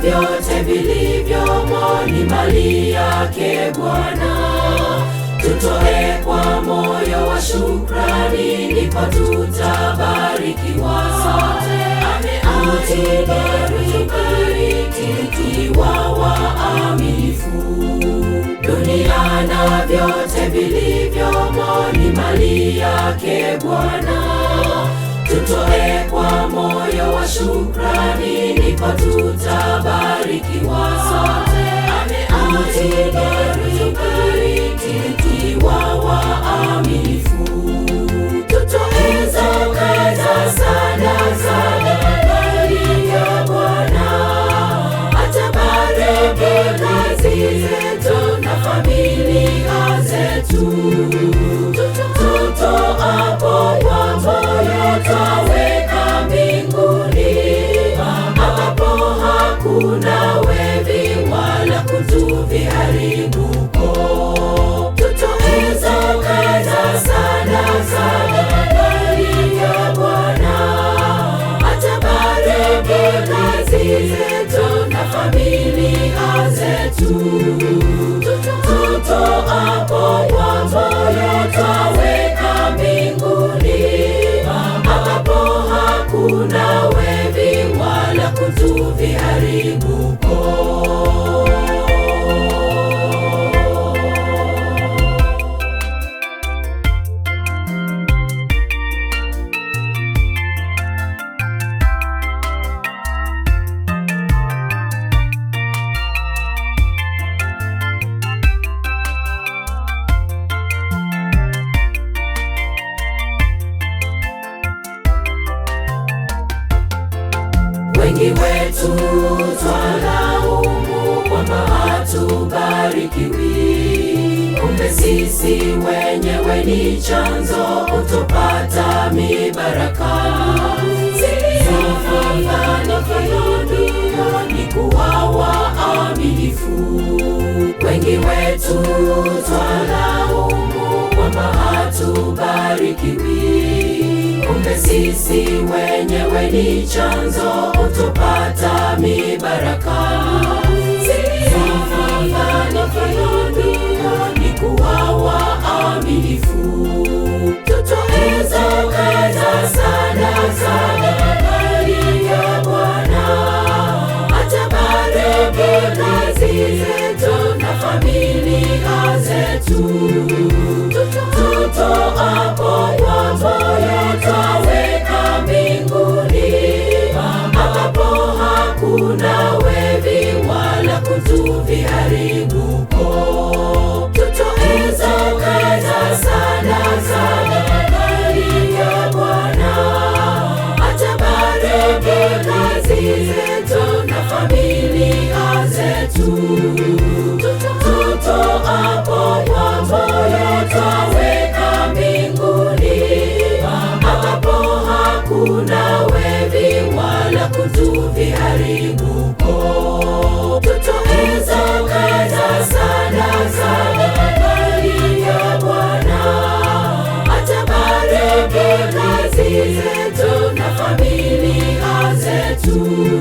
vyote vilivyomo ni mali yake Bwana. Tutoe kwa moyo wa shukrani, ndipo tutabarikiwa sote. Tubariki tukiwa waaminifu. Dunia na vyote vilivyomo ni mali yake Bwana. Tutoe kwa moyo wa shukrani ndipo tutabarikiwa na wevi wala kutuviharibu Wengi wetu twalaumu kwamba hatubarikiwi, kumbe sisi wenyewe ni chanzo kutopata mibaraka. Ni kuwa waaminifu. Wengi wetu twalaumu kwamba hatubarikiwi Kumbe sisi wenyewe ni chanzo, utupata mibaraka hakuna wevi wala kutu viharibuko. Tutoweza kaza sana sana habari ya Bwana, atabariki kazi zetu na familia zetu. Yesu.